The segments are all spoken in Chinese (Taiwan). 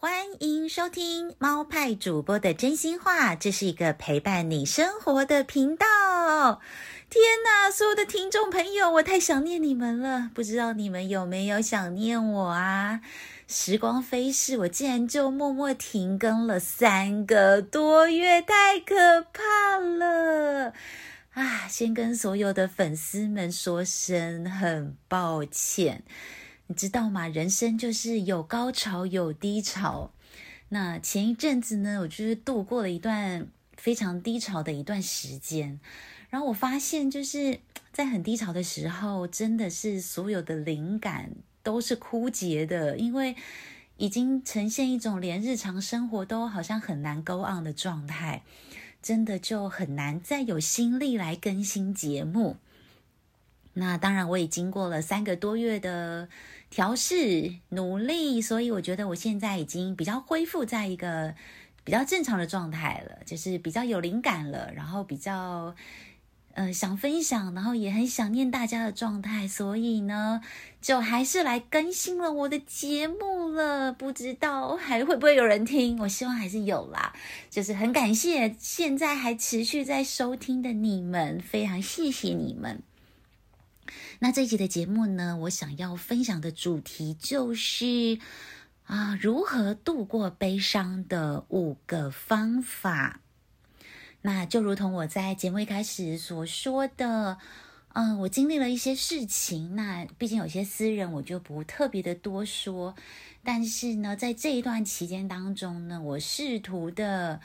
歡迎收聽貓派主播的真心話，這是一個陪伴你生活的頻道。天吶，所有的聽眾朋友，我太想念你們了，不知道你們有沒有想念我啊？時光飛逝，我竟然就默默停更了三個多月，太可怕了。啊，先跟所有的粉絲們說聲很抱歉。你知道嗎？人生就是有高潮有低潮。那前一陣子呢，我就是度過了一段非常低潮的一段時間。然後我發現，就是在很低潮的時候，真的是所有的靈感都是枯竭的，因為已經呈現一種連日常生活都好像很難 go on 的狀態，真的就很難再有心力來更新節目。那當然，我已經過了三個多月的。調試努力，所以我覺得我現在已經比較恢復在一個比較正常的狀態了，就是比較有靈感了，然後比較呃想分享，然後也很想念大家的狀態，所以呢，就還是來更新了我的節目了。不知道還會不會有人聽，我希望還是有啦。就是很感謝現在還持續在收聽的你們，非常謝謝你們。那這一集的節目呢，我想要分享的主題就是啊，如何度過悲傷的五個方法。那就如同我在節目一開始所說的，嗯，我經歷了一些事情。那畢竟有些私人，我就不特別的多說。但是呢，在這一段期間當中呢，我試圖的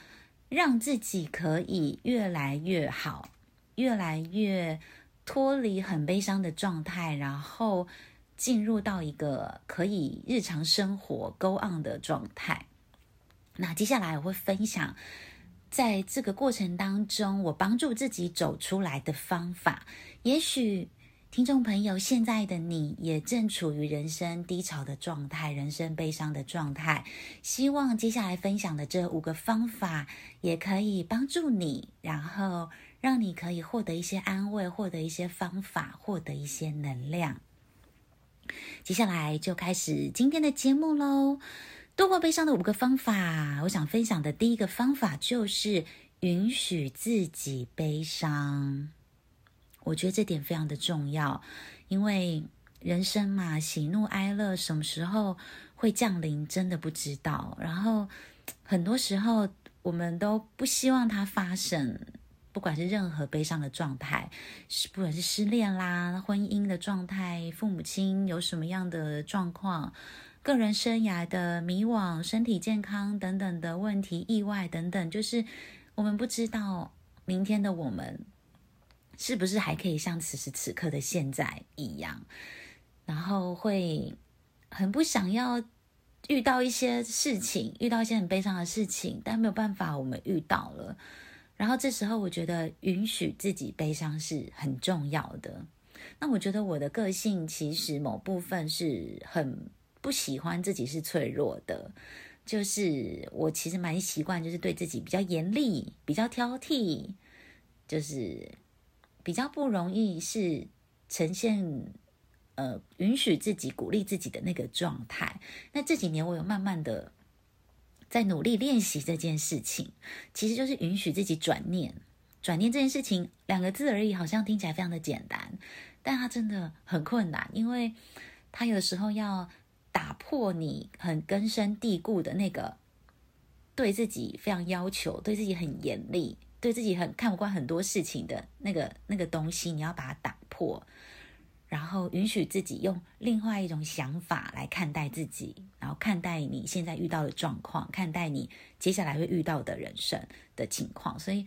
讓自己可以越來越好，越來越。脫離很悲傷的狀態，然後進入到一個可以日常生活 go on 的狀態。那接下來我會分享，在這個過程當中，我幫助自己走出來的方法。也許聽眾朋友現在的你也正處於人生低潮的狀態、人生悲傷的狀態，希望接下來分享的這五個方法也可以幫助你，然後。讓你可以獲得一些安慰，獲得一些方法，獲得一些能量。接下來就開始今天的節目嘍。度過悲傷的五個方法，我想分享的第一個方法就是允許自己悲傷。我覺得這點非常的重要，因為人生嘛，喜怒哀樂什麼時候會降臨，真的不知道。然後很多時候我們都不希望它發生。不管是任何悲傷的狀態，是不管是失戀啦、婚姻的狀態、父母親有什麼樣的狀況、個人生涯的迷惘、身體健康等等的問題、意外等等，就是我們不知道明天的我們是不是還可以像此時此刻的現在一樣，然後會很不想要遇到一些事情，遇到一些很悲傷的事情，但沒有辦法，我們遇到了。然後這時候，我覺得允許自己悲傷是很重要的。那我覺得我的個性其實某部分是很不喜歡自己是脆弱的，就是我其實蠻習慣，就是對自己比較嚴厲、比較挑剔，就是比較不容易是呈現，呃，允許自己、鼓勵自己的那個狀態。那這幾年我有慢慢的。在努力練習這件事情，其實就是允許自己轉念。轉念這件事情，兩個字而已，好像聽起來非常的簡單，但它真的很困難，因為它有的時候要打破你很根深蒂固的那個對自己非常要求、對自己很嚴厲、對自己很看不慣很多事情的那個那個東西，你要把它打破。然後允許自己用另外一種想法來看待自己，然後看待你現在遇到的狀況，看待你接下來會遇到的人生的情況。所以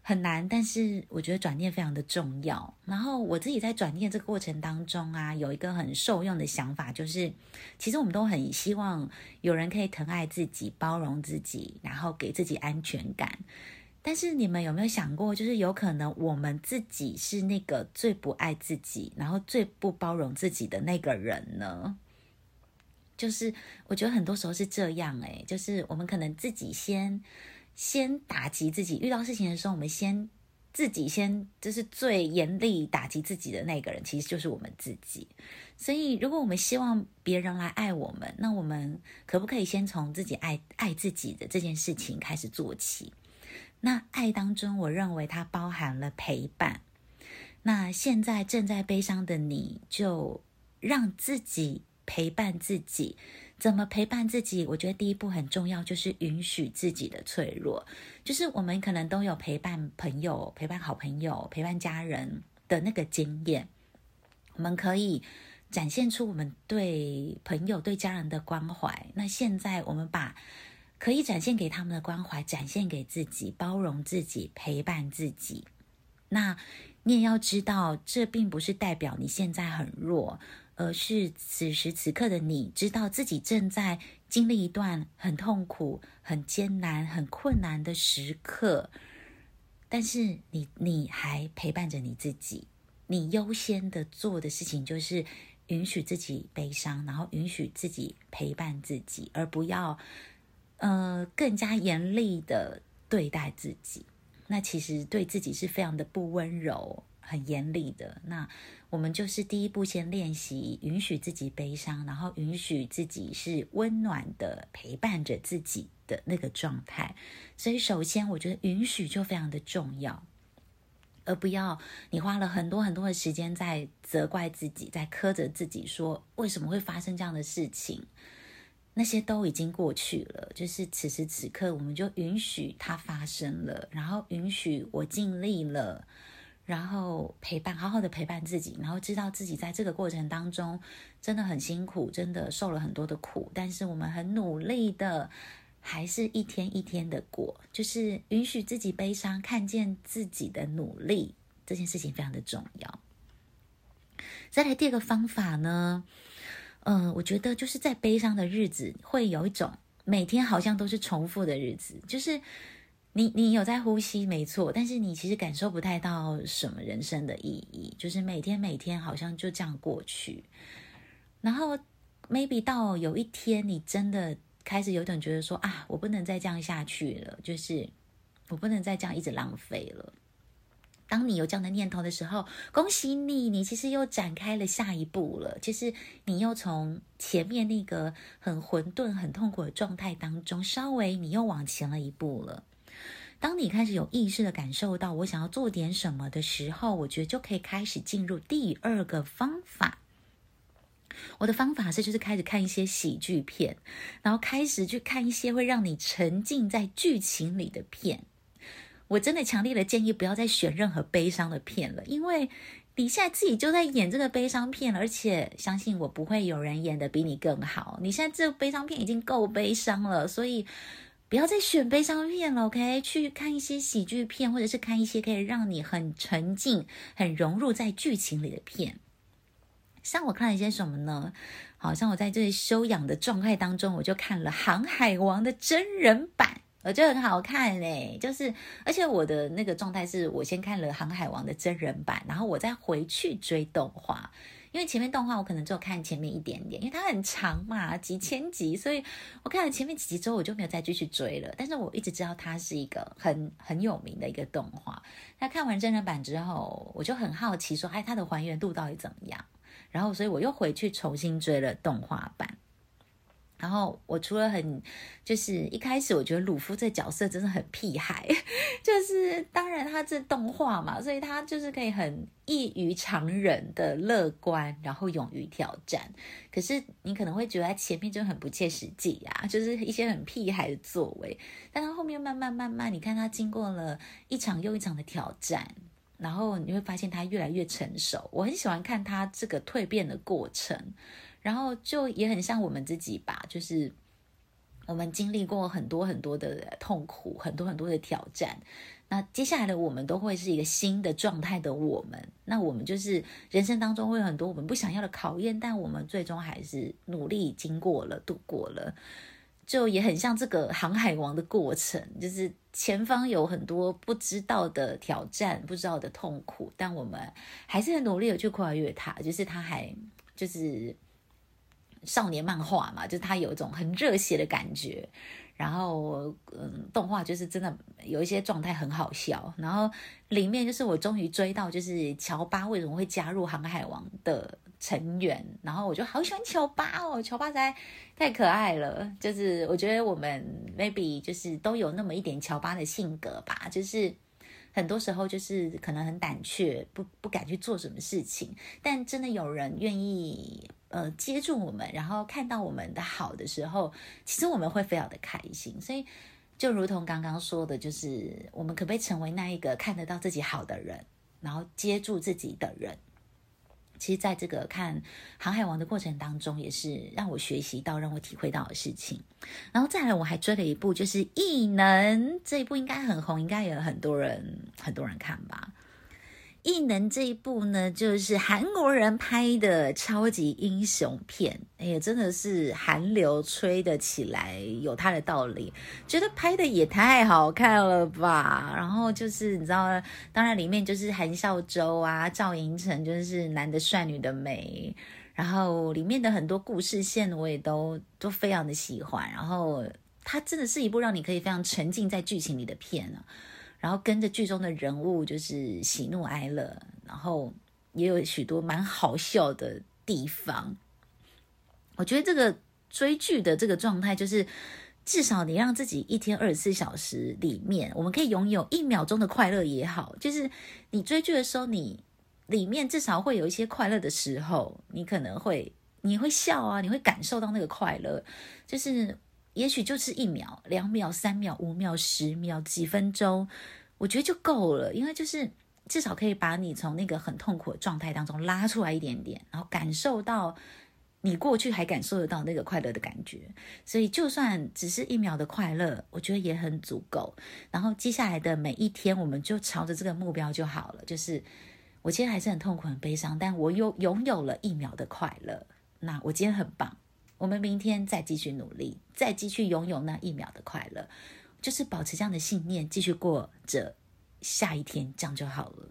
很難，但是我覺得轉念非常的重要。然後我自己在轉念這個過程當中啊，有一個很受用的想法，就是其實我們都很希望有人可以疼愛自己、包容自己，然後給自己安全感。但是你們有沒有想過，就是有可能我們自己是那個最不愛自己，然後最不包容自己的那個人呢？就是我覺得很多時候是這樣。欸，哎，就是我們可能自己先先打擊自己，遇到事情的時候，我們先自己先就是最嚴厲打擊自己的那個人，其實就是我們自己。所以，如果我們希望別人來愛我們，那我們可不可以先從自己愛愛自己的這件事情開始做起？那愛當中，我認為它包含了陪伴。那現在正在悲傷的你，就讓自己陪伴自己。怎麼陪伴自己？我覺得第一步很重要，就是允許自己的脆弱。就是我們可能都有陪伴朋友、陪伴好朋友、陪伴家人的那個經驗，我們可以展現出我們對朋友、對家人的關懷。那現在我們把可以展現給他們的關懷，展現給自己，包容自己，陪伴自己。那你也要知道，這並不是代表你現在很弱，而是此時此刻的你，知道自己正在經歷一段很痛苦、很艱難、很困難的時刻。但是你，你還陪伴着你自己，你優先的做的事情就是允許自己悲傷，然後允許自己陪伴自己，而不要。呃，更加嚴厲的對待自己，那其實對自己是非常的不溫柔、很嚴厲的。那我們就是第一步，先練習允許自己悲傷，然後允許自己是溫暖的陪伴着自己的那個狀態。所以，首先我覺得允許就非常的重要，而不要你花了很多很多的時間在責怪自己、在苛責自己，說為什麼會發生這樣的事情。那些都已經過去了，就是此時此刻，我們就允許它發生了，然後允許我盡力了，然後陪伴，好好的陪伴自己，然後知道自己在這個過程當中真的很辛苦，真的受了很多的苦，但是我們很努力的，還是一天一天的過，就是允許自己悲傷，看見自己的努力，這件事情非常的重要。再來第二個方法呢？嗯，我覺得就是在悲傷的日子，會有一種每天好像都是重複的日子。就是你，你有在呼吸，沒錯，但是你其實感受不太到什麼人生的意義。就是每天每天好像就這樣過去，然後 maybe 到有一天，你真的開始有點覺得說啊，我不能再這樣下去了，就是我不能再這樣一直浪費了。當你有這樣的念頭的時候，恭喜你，你其實又展開了下一步了。其實你又從前面那個很混沌、很痛苦的狀態當中，稍微你又往前了一步了。當你開始有意識的感受到我想要做點什麼的時候，我覺得就可以開始進入第二個方法。我的方法是，就是開始看一些喜劇片，然後開始去看一些會讓你沉浸在劇情裡的片。我真的強烈的建議不要再選任何悲傷的片了，因為你現在自己就在演這個悲傷片了，而且相信我，不會有人演的比你更好。你現在這個悲傷片已經夠悲傷了，所以不要再選悲傷片了，OK？去看一些喜劇片，或者是看一些可以讓你很沉浸、很融入在劇情裡的片。像我看了一些什麼呢？好像我在這裡休養的狀態當中，我就看了《航海王》的真人版。我覺得很好看耶，就是而且我的那個狀態是，我先看了《航海王》的真人版，然後我再回去追動畫。因為前面動畫我可能只有看前面一點點，因為它很長嘛，幾千集，所以我看了前面幾集之後，我就沒有再繼續追了。但是我一直知道它是一個很很有名的一個動畫。那看完真人版之後，我就很好奇說，哎，它的還原度到底怎麼樣？然後，所以我又回去重新追了動畫版。然後我除了很，就是一開始我覺得魯夫這角色真的很屁孩，就是當然他是動畫嘛，所以他就是可以很異於常人的樂觀，然後勇於挑戰。可是你可能會覺得他前面就很不切實際啊，就是一些很屁孩的作為。但是後面慢慢慢慢，你看他經過了一場又一場的挑戰，然後你會發現他越來越成熟。我很喜歡看他這個蛻變的過程。然後就也很像我們自己吧，就是我們經歷過很多很多的痛苦，很多很多的挑戰。那接下來的我們都會是一個新的狀態的我們。那我們就是人生當中會有很多我們不想要的考驗，但我們最終還是努力經過了，度過了。就也很像這個航海王的過程，就是前方有很多不知道的挑戰，不知道的痛苦，但我們還是很努力的去跨越它。就是它還就是。少年漫畫嘛，就是它有一種很熱血的感覺，然後嗯，動畫就是真的有一些狀態很好笑，然後裡面就是我終於追到，就是喬巴為什麼會加入航海王的成員，然後我就好喜歡喬巴哦，喬巴才太可愛了，就是我覺得我們 maybe 就是都有那麼一點喬巴的性格吧，就是。很多時候就是可能很膽怯，不不敢去做什麼事情。但真的有人願意呃接住我們，然後看到我們的好的時候，其實我們會非常的開心。所以就如同剛剛說的，就是我們可不可以成為那一個看得到自己好的人，然後接住自己的人？其實，在這個看《航海王》的過程當中，也是讓我學習到、讓我體會到的事情。然後再來，我還追了一部，就是《異能》這一部，應該很紅，應該也有很多人、很多人看吧。異能這一部呢，就是韓國人拍的超級英雄片，哎、欸、呀，真的是韓流吹得起來有它的道理，覺得拍的也太好看了吧。然後就是你知道，當然裡面就是韓孝周啊、趙寅成，就是男的帥，女的美。然後裡面的很多故事線我也都都非常的喜歡。然後它真的是一部讓你可以非常沉浸在劇情裡的片呢、啊。然後跟着劇中的人物就是喜怒哀樂，然後也有許多蠻好笑的地方。我覺得這個追劇的這個狀態，就是至少你讓自己一天二十四小時裡面，我們可以擁有一秒鐘的快樂也好。就是你追劇的時候，你裡面至少會有一些快樂的時候，你可能會，你會笑啊，你會感受到那個快樂，就是。也許就是一秒、兩秒、三秒、五秒、十秒、幾分鐘，我覺得就夠了，因為就是至少可以把你從那個很痛苦的狀態當中拉出來一點點，然後感受到你過去還感受得到那個快樂的感覺。所以就算只是一秒的快樂，我覺得也很足夠。然後接下來的每一天，我們就朝着這個目標就好了。就是我今天還是很痛苦、很悲傷，但我又擁有了一秒的快樂，那我今天很棒。我們明天再繼續努力，再繼續擁有那一秒的快樂，就是保持這樣的信念，繼續過着下一天，這樣就好了。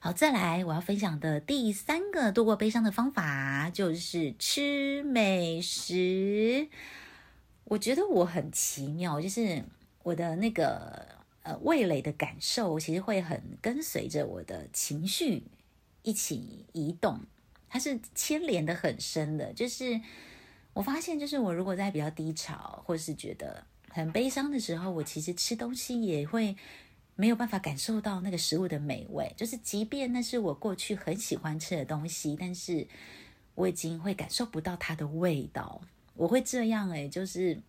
好，再來我要分享的第三個度過悲傷的方法，就是吃美食。我覺得我很奇妙，就是我的那個呃味蕾的感受，其實會很跟隨着我的情緒一起移動。它是牽連得很深的，就是我發現，就是我如果在比較低潮，或是覺得很悲傷的時候，我其實吃東西也會沒有辦法感受到那個食物的美味，就是即便那是我過去很喜歡吃的東西，但是我已經會感受不到它的味道，我會這樣哎、欸，就是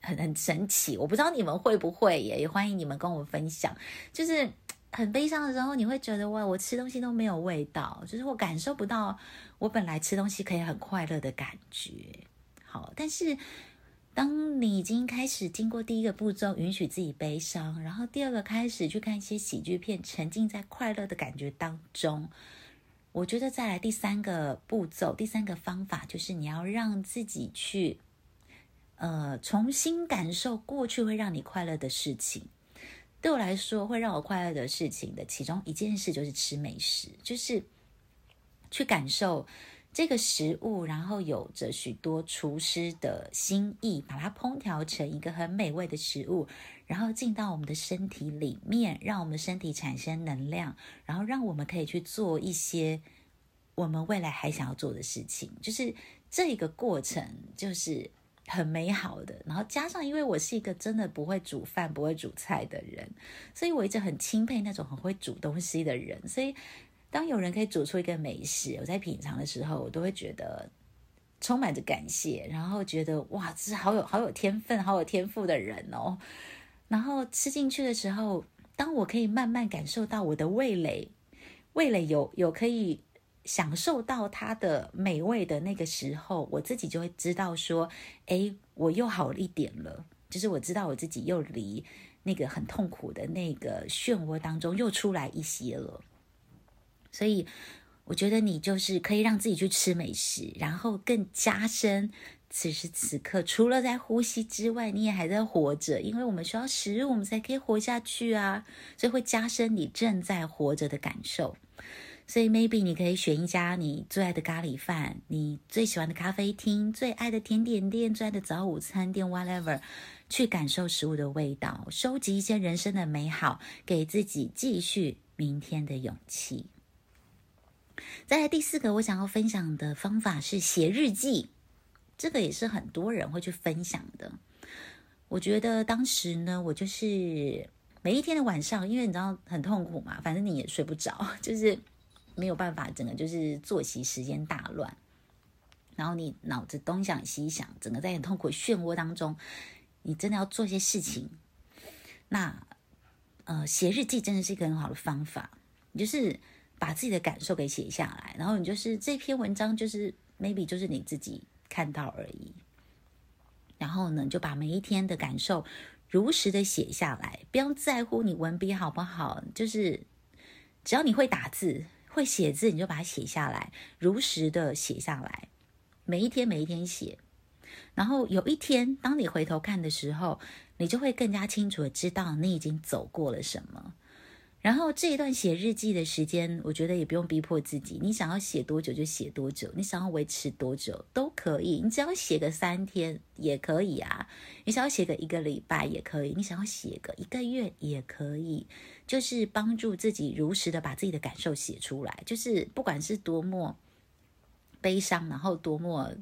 很很神奇，我不知道你們會不會、欸，也也歡迎你們跟我分享，就是。很悲傷的時候，你會覺得哇，我吃東西都沒有味道，就是我感受不到我本來吃東西可以很快樂的感覺。好，但是當你已經開始經過第一個步驟，允許自己悲傷，然後第二個開始去看一些喜劇片，沉浸在快樂的感覺當中，我覺得再來第三個步驟，第三個方法就是你要讓自己去呃重新感受過去會讓你快樂的事情。對我來說，會讓我快樂的事情的其中一件事就是吃美食，就是去感受這個食物，然後有着許多廚師的心意，把它烹調成一個很美味的食物，然後進到我們的身體裡面，讓我們身體產生能量，然後讓我們可以去做一些我們未來還想要做的事情。就是這個過程就是。很美好的，然後加上，因為我是一個真的不會煮飯、不會煮菜的人，所以我一直很欽佩那種很會煮東西的人。所以，當有人可以煮出一個美食，我在品嘗的時候，我都會覺得充滿着感謝，然後覺得哇，這是好有好有天分、好有天賦的人哦。然後吃進去的時候，當我可以慢慢感受到我的味蕾，味蕾有有可以。享受到它的美味的那個時候，我自己就會知道說，哎，我又好一點了。就是我知道我自己又離那個很痛苦的那個漩渦當中又出來一些了。所以，我覺得你就是可以讓自己去吃美食，然後更加深此時此刻，除了在呼吸之外，你也還在活着，因為我們需要食物，我們才可以活下去啊。所以會加深你正在活着的感受。所以，maybe 你可以選一家你最愛的咖喱飯、你最喜歡的咖啡廳、最愛的甜點店、最愛的早午餐店，whatever，去感受食物的味道，收集一些人生的美好，給自己繼續明天的勇氣。再來，第四個我想要分享的方法是寫日記，這個也是很多人會去分享的。我覺得當時呢，我就是每一天的晚上，因為你知道很痛苦嘛，反正你也睡不着，就是。沒有辦法，整個就是作息時間大亂，然後你腦子東想西想，整個在很痛苦漩渦當中，你真的要做些事情。那呃，寫日記真的是一個很好的方法，你就是把自己的感受給寫下來，然後你就是這篇文章就是 maybe 就是你自己看到而已。然後呢，就把每一天的感受如實的寫下來，不要在乎你文筆好不好，就是只要你會打字。會寫字，你就把它寫下來，如實的寫下來，每一天每一天寫，然後有一天，當你回頭看的時候，你就會更加清楚的知道你已經走過了什麼。然後這一段寫日記的時間，我覺得也不用逼迫自己，你想要寫多久就寫多久，你想要維持多久都可以，你只要寫個三天也可以啊，你想要寫個一個禮拜也可以，你想要寫個一個月也可以，就是幫助自己如實的把自己的感受寫出來，就是不管是多麼悲傷，然後多麼，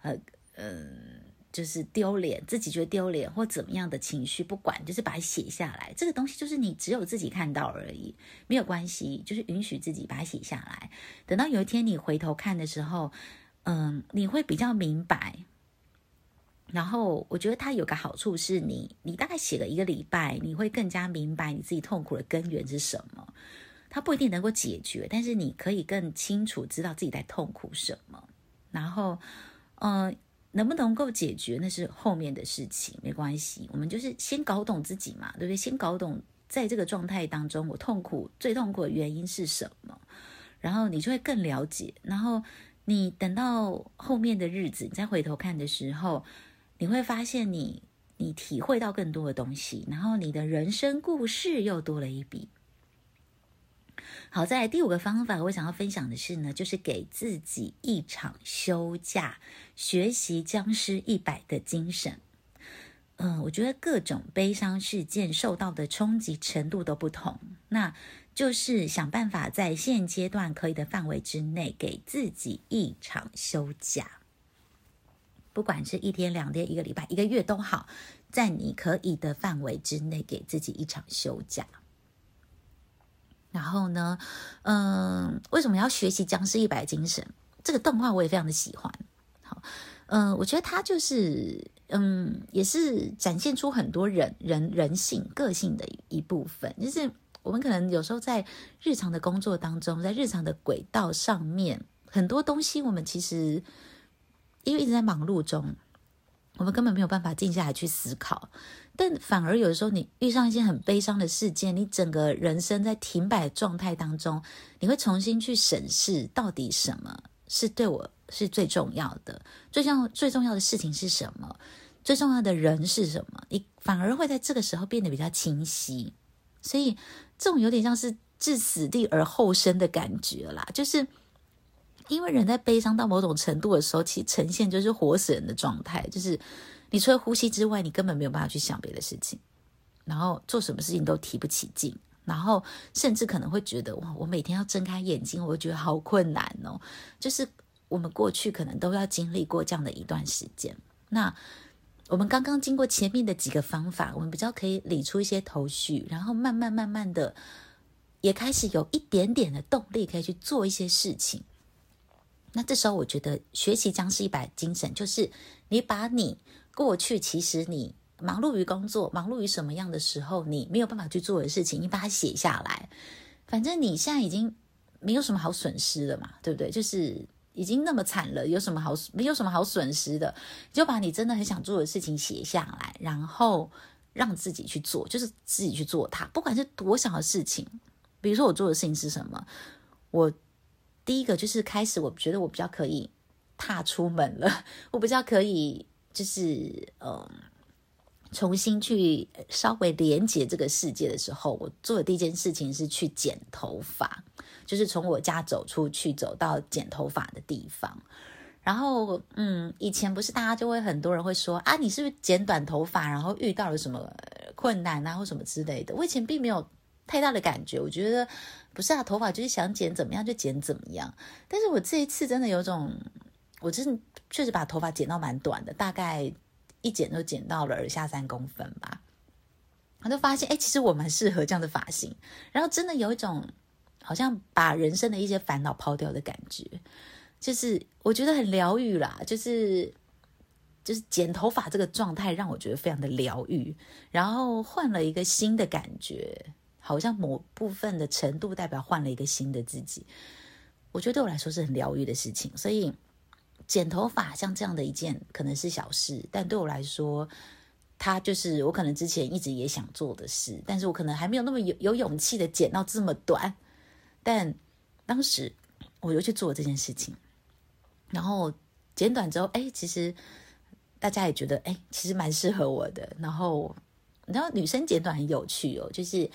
呃，嗯、呃。就是丟臉，自己覺得丟臉或怎麼樣的情緒，不管，就是把它寫下來。這個東西就是你只有自己看到而已，沒有關係，就是允許自己把它寫下來。等到有一天你回頭看的時候，嗯，你會比較明白。然後我覺得它有個好處是你，你大概寫了一個禮拜，你會更加明白你自己痛苦的根源是什麼。它不一定能夠解決，但是你可以更清楚知道自己在痛苦什麼。然後，嗯。能不能夠解決，那是後面的事情，沒關係。我們就是先搞懂自己嘛，對不對？先搞懂在這個狀態當中，我痛苦，最痛苦的原因是什麼，然後你就會更了解。然後你等到後面的日子，你再回頭看的時候，你會發現你你體會到更多的東西，然後你的人生故事又多了一筆。好，在第五個方法，我想要分享的是呢，就是給自己一場休假，學習僵屍一百的精神。嗯，我覺得各種悲傷事件受到的衝擊程度都不同，那就是想辦法在現階段可以的範圍之內，給自己一場休假，不管是一天、兩天、一個禮拜、一個月都好，在你可以的範圍之內，給自己一場休假。然後呢，嗯，為什麼要學習《僵屍一百》精神？這個動畫我也非常的喜歡。好，嗯，我覺得它就是，嗯，也是展現出很多人人人性、個性的一部分。就是我們可能有時候在日常的工作當中，在日常的軌道上面，很多東西我們其實因為一直在忙碌中。我們根本沒有辦法靜下來去思考，但反而有時候你遇上一些很悲傷的事件，你整個人生在停擺的狀態當中，你會重新去審視到底什麼是對我是最重要的，最重最重要的事情是什麼，最重要的人是什麼，你反而會在這個時候變得比較清晰，所以這種有點像是置死地而後生的感覺啦，就是。因為人在悲傷到某種程度的時候，其實呈現就是活死人的狀態，就是你除了呼吸之外，你根本沒有辦法去想別的事情，然後做什麼事情都提不起勁，然後甚至可能會覺得哇，我每天要睜開眼睛，我會覺得好困難哦。就是我們過去可能都要經歷過這樣的一段時間。那我們剛剛經過前面的幾個方法，我們比較可以理出一些頭緒，然後慢慢慢慢的也開始有一點點的動力，可以去做一些事情。那這時候，我覺得學習將是一把精神，就是你把你過去其實你忙碌於工作、忙碌於什麼樣的時候，你沒有辦法去做的事情，你把它寫下來。反正你現在已經沒有什麼好損失了嘛，對不對？就是已經那麼慘了，有什麼好，沒有什麼好損失的，就把你真的很想做的事情寫下來，然後讓自己去做，就是自己去做它，不管是多小的事情。比如說我做的事情是什麼，我。第一個就是開始，我覺得我比較可以踏出門了，我比較可以就是嗯，重新去稍微連接這個世界的時候，我做的第一件事情是去剪頭髮，就是從我家走出去走到剪頭髮的地方。然後嗯，以前不是大家就會很多人會說啊，你是不是剪短頭髮，然後遇到了什麼困難啊，或什麼之類的。我以前並沒有。太大的感覺，我覺得不是啊，頭髮就是想剪怎麼樣就剪怎麼樣。但是我這一次真的有種，我真的確實把頭髮剪到蠻短的，大概一剪都剪到了耳下三公分吧。我就發現，哎、欸，其實我蠻適合這樣的髮型。然後真的有一種好像把人生的一些煩惱拋掉的感覺，就是我覺得很療癒啦，就是就是剪頭髮這個狀態讓我覺得非常的療癒，然後換了一個新的感覺。好像某部分的程度代表換了一個新的自己，我覺得對我來說是很療癒的事情。所以剪頭髮像這樣的一件可能是小事，但對我來說，它就是我可能之前一直也想做的事，但是我可能還沒有那麼有，有勇氣的剪到這麼短。但當時我就去做這件事情，然後剪短之後，欸，其實大家也覺得，欸，其實蠻適合我的。然後你知道女生剪短很有趣哦，就是。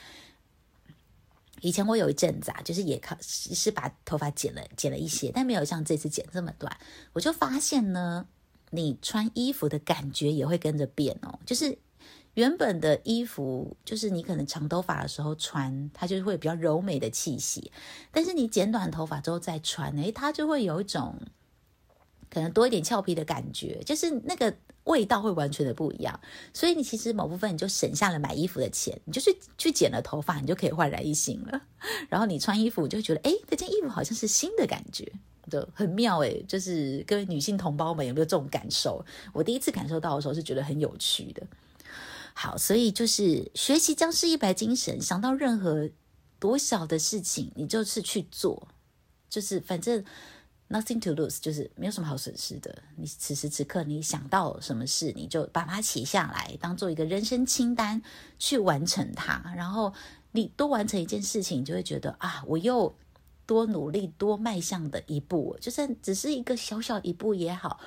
以前我有一陣子啊，就是也靠，是把頭髮剪了剪了一些，但沒有像這次剪這麼短。我就發現呢，你穿衣服的感覺也會跟着變哦。就是原本的衣服，就是你可能長頭髮的時候穿，它就是會比較柔美的氣息；但是你剪短頭髮之後再穿，欸，它就會有一種。可能多一點俏皮的感覺，就是那個味道會完全的不一樣。所以你其實某部分你就省下了買衣服的錢，你就是去剪了頭髮，你就可以煥然一新了。然後你穿衣服就覺得，哎，這件衣服好像是新的感覺，就很妙誒、欸。就是各位女性同胞們有沒有這種感受？我第一次感受到的時候是覺得很有趣的。好，所以就是學習僵屍一百精神，想到任何多少的事情，你就是去做，就是反正。Nothing to lose，就是沒有什麼好損失的。你此時此刻你想到什麼事，你就把它寫下來，當做一個人生清單去完成它。然後你多完成一件事情，你就會覺得啊，我又多努力，多邁向的一步，就算只是一個小小一步也好，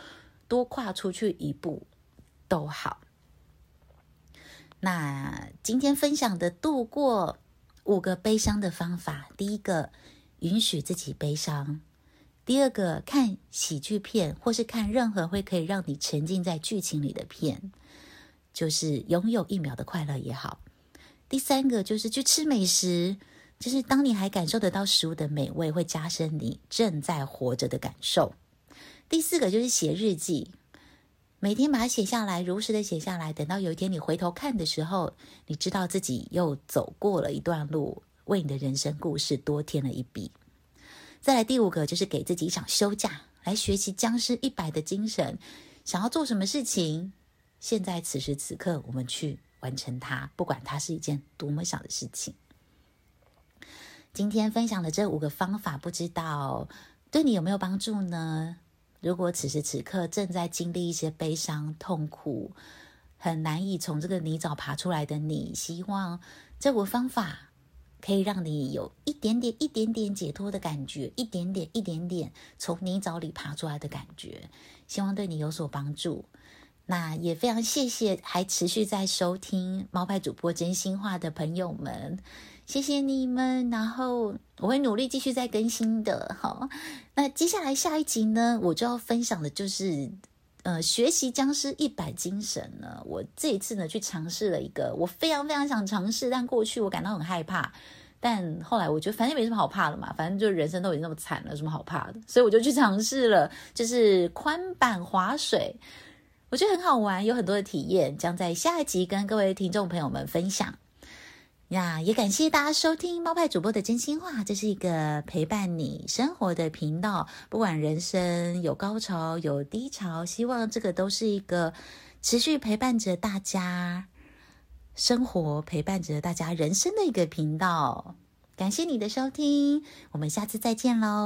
多跨出去一步都好。那今天分享的度過五個悲傷的方法，第一個，允許自己悲傷。第二個，看喜劇片，或是看任何會可以讓你沉浸在劇情裡的片，就是擁有一秒的快樂也好。第三個就是去吃美食，就是當你還感受得到食物的美味，會加深你正在活着的感受。第四個就是寫日記，每天把它寫下來，如實的寫下來，等到有一天你回頭看的時候，你知道自己又走過了一段路，為你的人生故事多添了一筆。再來第五個，就是給自己一場休假，來學習殭屍一百的精神。想要做什麼事情，現在此時此刻，我們去完成它，不管它是一件多麼小的事情。今天分享的這五個方法，不知道對你有沒有幫助呢？如果此時此刻正在經歷一些悲傷、痛苦，很難以從這個泥沼爬出來的你，希望這五個方法。可以讓你有一點點、一點點解脫的感覺，一點點、一點點從泥沼裡爬出來的感覺。希望對你有所幫助。那也非常謝謝還持續在收聽貓派主播真心話的朋友們，謝謝你們。然後我會努力繼續再更新的。好，那接下來下一集呢，我就要分享的就是。呃、嗯，學習殭屍一百精神呢？我這一次呢，去嘗試了一個我非常非常想嘗試，但過去我感到很害怕。但後來我覺得反正也沒什麼好怕的嘛，反正就人生都已經那麼慘了，有什麼好怕的？所以我就去嘗試了，就是寬板滑水，我覺得很好玩，有很多的體驗，將在下一集跟各位聽眾朋友們分享。呀，yeah, 也感謝大家收聽貓派主播的真心話，這是一個陪伴你生活的頻道。不管人生有高潮有低潮，希望這個都是一個持續陪伴着大家生活，陪伴着大家人生的一個頻道。感謝你的收聽，我們下次再見嘍。